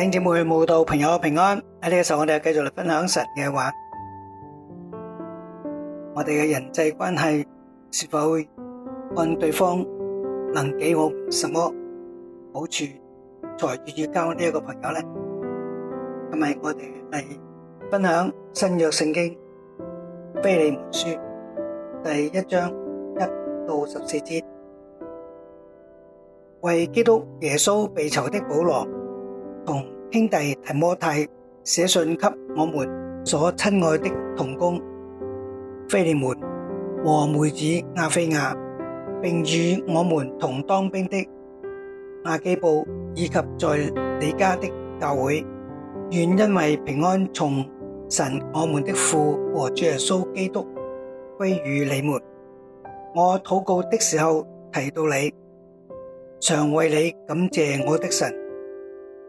弟兄姐妹、慕道朋友平安，喺呢個時候我哋繼續嚟分享神嘅話，我哋嘅人際關係是否會看對方能俾我什麼好處，才願意交呢一個朋友咧？今日我哋嚟分享新約聖經腓利門書第一章一到十四節，為基督耶穌被囚的保羅同。兄弟提摩太寫信給我們所親愛的同工腓利門和妹子亞菲亞，並與我們同當兵的亞基布以及在你家的教會，願因為平安從神我們的父和主耶穌基督歸與你們。我禱告的時候提到你，常為你感謝我的神。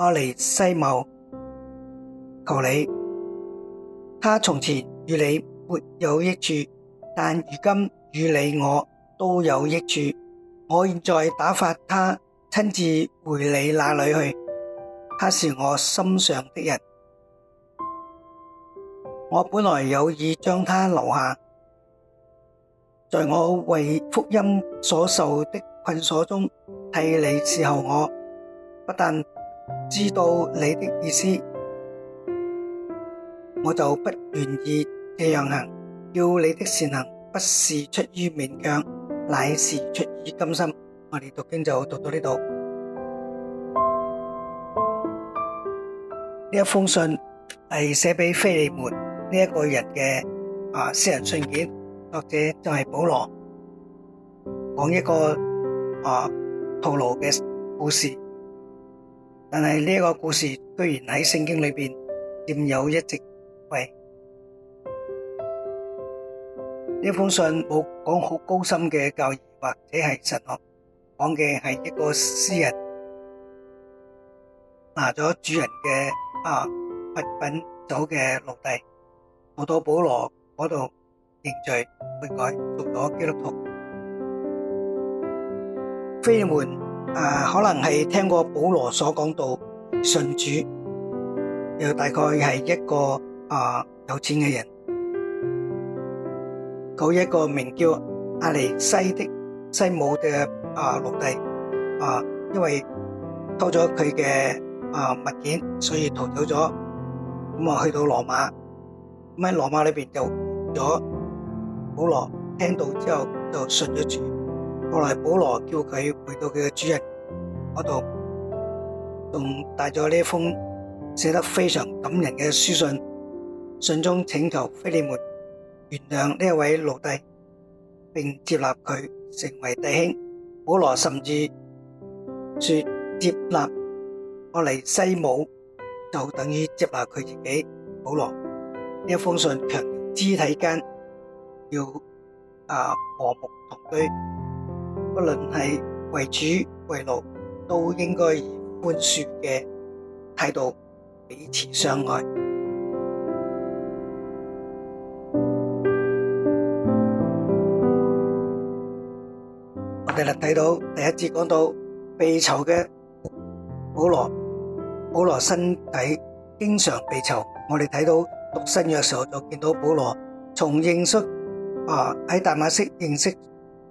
阿尼西母求你，他從前與你沒有益處，但如今與你我都有益處。我現在打發他親自回你那裏去。他是我心上的人，我本來有意將他留下，在我為福音所受的捆鎖中替你伺候我，不但。知道你的意思，我就不願意這樣行。要你的善行，不是出於勉強，乃是出於甘心。我哋讀經就讀到呢度。呢一封信係寫俾腓利門呢一個人嘅，啊私人信件，作者就係保羅，講一個啊徒勞嘅故事。但係呢一個故事，居然喺聖經裏邊佔有一席位。呢封信冇講好高深嘅教義或者係神學，講嘅係一個詩人拿咗主人嘅啊物品走嘅奴隸，好到保羅嗰度認罪悔改，做咗基督徒。腓利門。誒，可能係聽過保羅所講到信主，又大概係一個誒有錢嘅人，嗰一個名叫阿尼西的西姆嘅誒奴隸，誒因為偷咗佢嘅誒物件，所以逃走咗，咁啊去到羅馬，咁喺羅馬裏邊就咗保羅聽到之後就信咗主。後來保羅叫佢回到佢嘅主人嗰度，仲帶咗呢封寫得非常感人嘅書信，信中請求腓利門原諒呢一位奴隸，並接納佢成為弟兄。保羅甚至說，接納我嚟西姆，就等於接納佢自己。保羅呢一封信強調肢體間要啊和睦同居。不論係為主為奴，都應該以寬恕嘅態度彼此相愛。我哋嚟睇到第一節講到被囚嘅保羅，保羅身體經常被囚。我哋睇到讀新約時候就見到保羅從認識啊喺大馬色認識。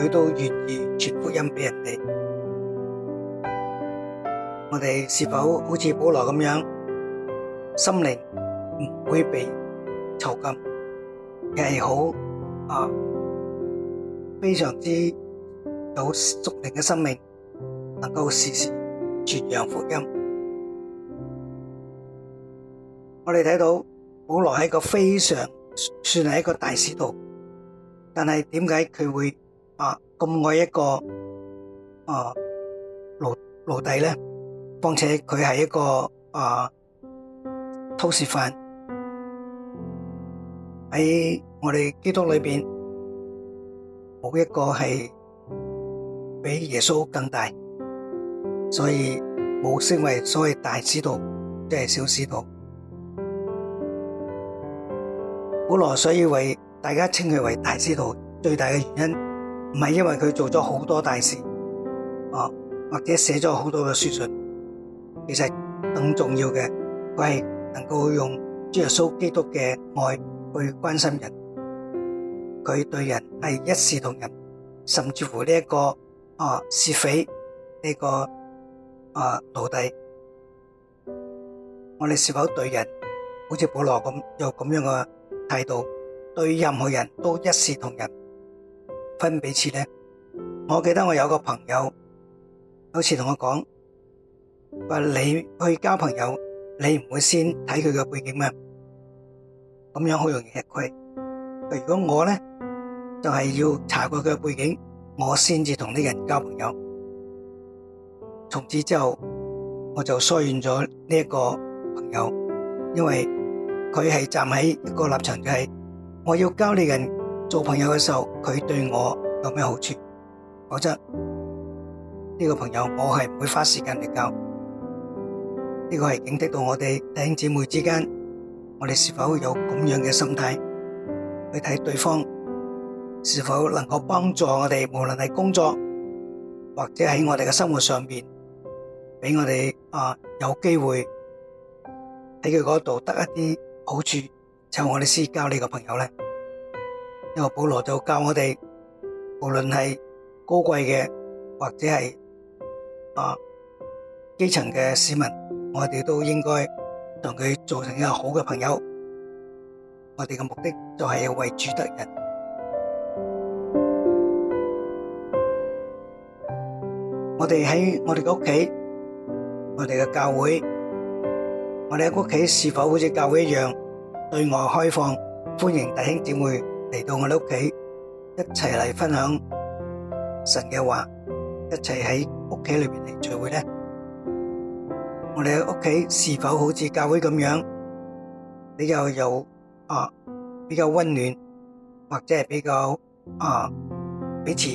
佢都願意傳福音畀人哋。我哋是否好似保羅咁樣，心靈唔會被囚禁，亦係好啊？非常之有屬靈嘅生命，能夠時時傳揚福音。我哋睇到保羅係一個非常算係一個大使徒，但係點解佢會？啊！咁愛一個啊奴奴隸咧，況且佢係一個啊偷竊犯。喺我哋基督裏邊，冇一個係比耶穌更大，所以冇升為所謂大使徒，即係小使徒。保羅所以為大家稱佢為大使徒，最大嘅原因。唔係因為佢做咗好多大事，哦，或者寫咗好多嘅書信，其實更重要嘅，佢係能夠用主耶穌基督嘅愛去關心人，佢對人係一視同仁，甚至乎呢一個啊是非呢個啊徒弟，我哋是否對人好似保羅咁有咁樣嘅態度，對任何人都一視同仁？分彼此咧，我記得我有個朋友好似同我講，話你去交朋友，你唔會先睇佢嘅背景咩？咁樣好容易吃虧。如果我咧就係要查過佢嘅背景，我先至同呢人交朋友。從此之後，我就疏遠咗呢一個朋友，因為佢係站喺一個立場，就係我要交呢人。做朋友嘅時候，佢對我有咩好處？否則呢個朋友我係唔會花時間嚟交。呢個係警惕到我哋弟兄姊妹之間，我哋是否有咁樣嘅心態去睇對方是否能夠幫助我哋，無論係工作或者喺我哋嘅生活上邊，俾我哋啊有機會喺佢嗰度得一啲好處，就我哋先交呢個朋友咧。因為保羅就教我哋，無論係高貴嘅，或者係啊基層嘅市民，我哋都應該同佢做成一個好嘅朋友。我哋嘅目的就係要為主得人。我哋喺我哋嘅屋企，我哋嘅教會，我哋喺屋企是否好似教會一樣對外開放，歡迎弟兄姊妹？嚟到我哋屋企，一齊嚟分享神嘅話，一齊喺屋企裏邊嚟聚會咧。我哋喺屋企是否好似教會咁樣，比較有啊，比較溫暖，或者係比較啊，彼此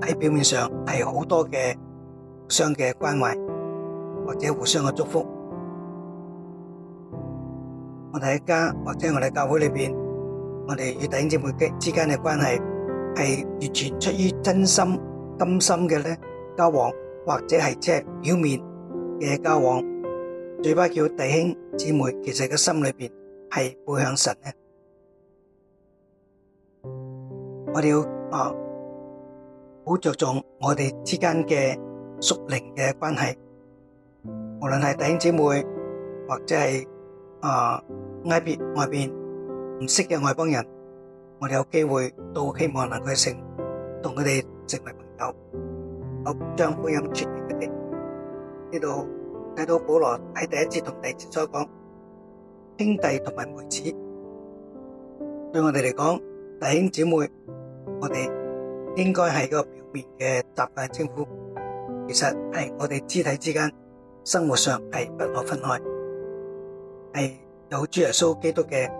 喺表面上係好多嘅互相嘅關懷，或者互相嘅祝福。我哋喺家或者我哋教會裏邊。我哋與弟兄姊妹之之間嘅關係，係完全出於真心、甘心嘅咧交往，或者係即係表面嘅交往，嘴巴叫弟兄姊妹，其實個心裏邊係背向神嘅。我哋要啊，好着重我哋之間嘅屬靈嘅關係，無論係弟兄姊妹或者係啊外邊外邊。唔識嘅外邦人，我哋有機會都希望能夠同佢哋成為朋友，我將福音傳俾佢哋。呢度睇到保羅喺第一節同第二節所講，兄弟同埋妹子，對我哋嚟講，弟兄姊妹，我哋應該係個表面嘅習慣稱呼，其實係我哋肢體之間生活上係不可分開，係有主耶穌基督嘅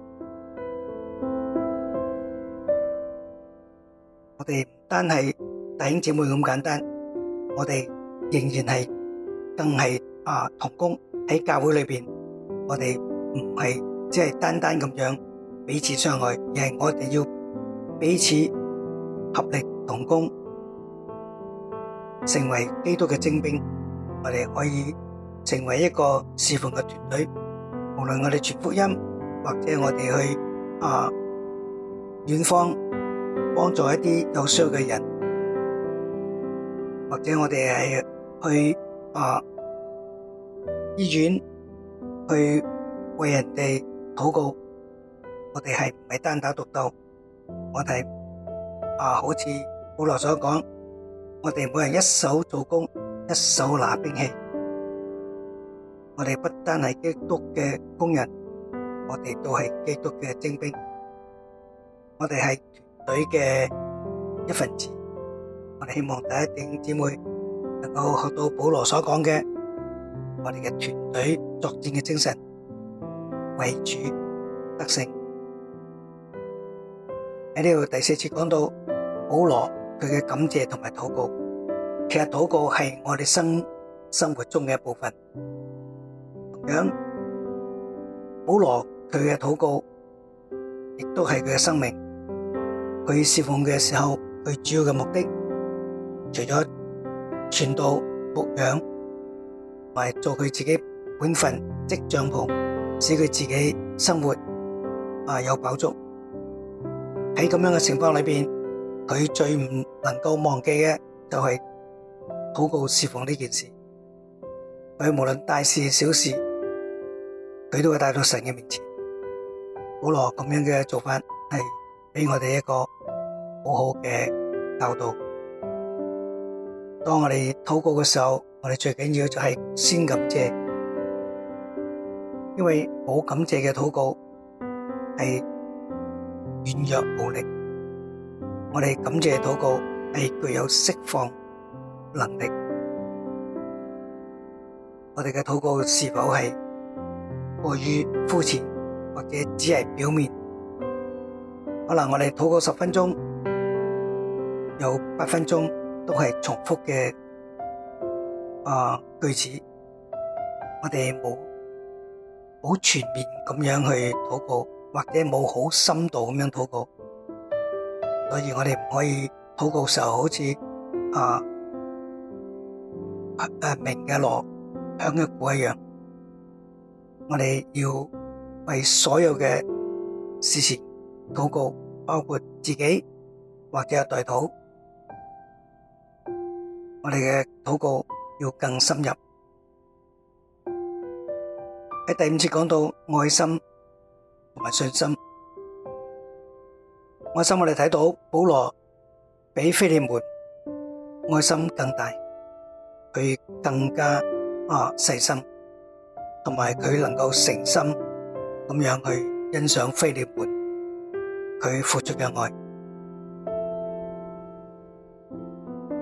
我哋唔單係弟兄姐妹咁簡單，我哋仍然係更係啊同工喺教會裏邊，我哋唔係只係單單咁樣彼此相愛，而係我哋要彼此合力同工，成為基督嘅精兵。我哋可以成為一個侍奉嘅團隊，無論我哋傳福音，或者我哋去啊遠方，幫助一啲有需要嘅人，或者我哋係去啊醫院去為人哋禱告，我哋係唔係單打獨鬥，我哋啊好似保羅所講，我哋每人一手做工，一手拿兵器，我哋不單係基督嘅工人，我哋都係基督嘅精兵，我哋係。隊嘅一份子，我哋希望第一弟兄姊妹能夠學到保羅所講嘅，我哋嘅團隊作戰嘅精神，為主得勝。喺呢度第四節講到保羅佢嘅感謝同埋禱告，其實禱告係我哋生生活中嘅一部分，同樣保羅佢嘅禱告亦都係佢嘅生命。佢侍奉嘅時候，佢主要嘅目的，除咗傳道、牧養，同埋做佢自己本份，織帳篷，使佢自己生活啊有飽足。喺咁樣嘅情況裏邊，佢最唔能夠忘記嘅就係禱告侍奉呢件事。佢無論大事小事，佢都會帶到神嘅面前。保羅咁樣嘅做法係俾我哋一個。好好嘅教導。當我哋禱告嘅時候，我哋最緊要就係先感謝，因為冇感謝嘅禱告係軟弱無力。我哋感謝嘅禱告係具有釋放能力。我哋嘅禱告是否係過於膚淺，或者只係表面？可能我哋禱告十分鐘。有八分鐘都係重複嘅啊句子，我哋冇好全面咁樣去禱告，或者冇好深度咁樣禱告，所以我哋唔可以禱告嘅時候好似啊啊鳴嘅鑼響嘅鼓一樣，我哋要為所有嘅事情禱告，包括自己或者代禱。我哋嘅禱告要更深入。喺第五節講到愛心同埋信心，愛心我哋睇到保羅比腓利門愛心更大，佢更加啊細心，同埋佢能夠誠心咁樣去欣賞腓利門佢付出嘅愛。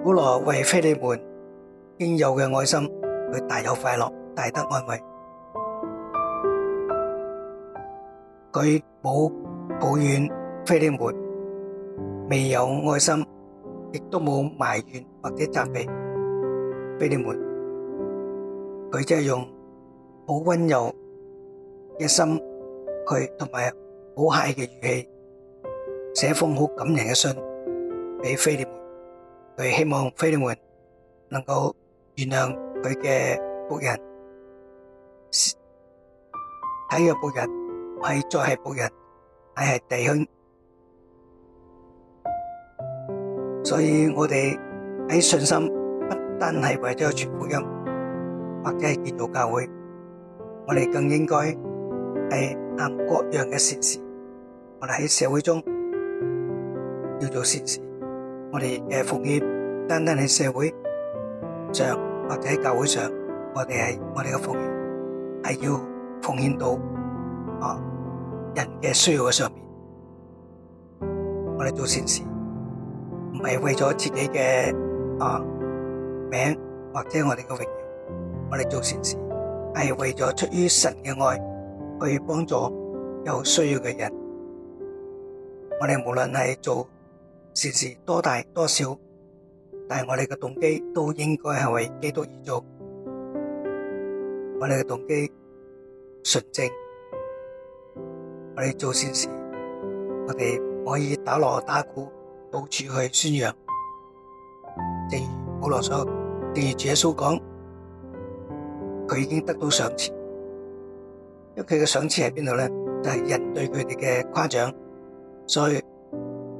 保羅為腓力門應有嘅愛心，佢大有快樂，大得安慰。佢冇抱怨腓力門未有愛心，亦都冇埋怨或者責備腓力門。佢即係用好溫柔嘅心去，同埋好客氣嘅語氣寫封好感人嘅信俾腓力門。佢希望腓利門能夠原諒佢嘅僕人，體弱僕人唔係再係僕人，係係弟兄。所以我哋喺信心不單係為咗傳福音，或者係建造教會，我哋更應該係行各樣嘅善事。我哋喺社會中要做善事。我哋嘅奉獻，單單喺社會上或者喺教會上，我哋係我哋嘅奉獻係要奉獻到啊人嘅需要嘅上面。我哋做善事唔係為咗自己嘅啊名或者我哋嘅榮耀，我哋做善事係為咗出於神嘅愛去幫助有需要嘅人。我哋無論係做善事多大多少，但係我哋嘅動機都應該係為基督而做。我哋嘅動機純正，我哋做善事，我哋可以打鑼打鼓到處去宣揚。正如保羅所，正如耶穌講，佢已經得到賞賜，因為佢嘅賞賜喺邊度咧？就係人對佢哋嘅誇獎，所以。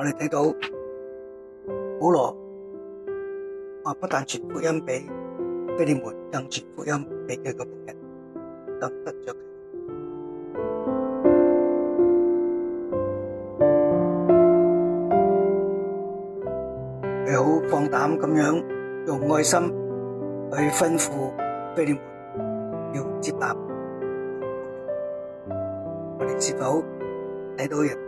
我哋睇到保羅話，不但傳福音俾非利門，更傳福音俾佢個僕人，得着佢。佢好放膽咁樣用愛心去吩咐非利門要接納。我哋是否睇到人？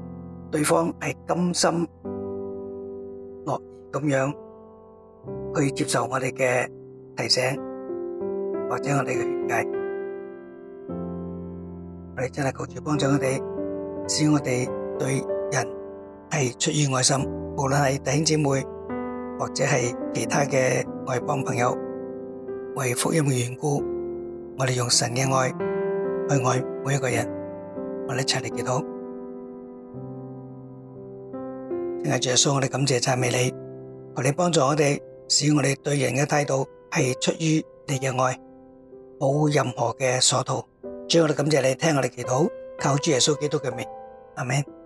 對方係甘心樂意咁樣去接受我哋嘅提醒，或者我哋嘅勸誡，我哋真係求主幫助我哋，使我哋對人係出於愛心，無論係弟兄姊妹或者係其他嘅外邦朋友，為福音嘅緣故，我哋用神嘅愛去愛每一個人，我哋一齊嚟祈禱。耶穌，我哋感謝讚美你，求你幫助我哋，使我哋對人嘅態度係出於你嘅愛，冇任何嘅所圖。最後我哋感謝你聽我哋祈禱，靠主耶穌基督嘅名，阿門。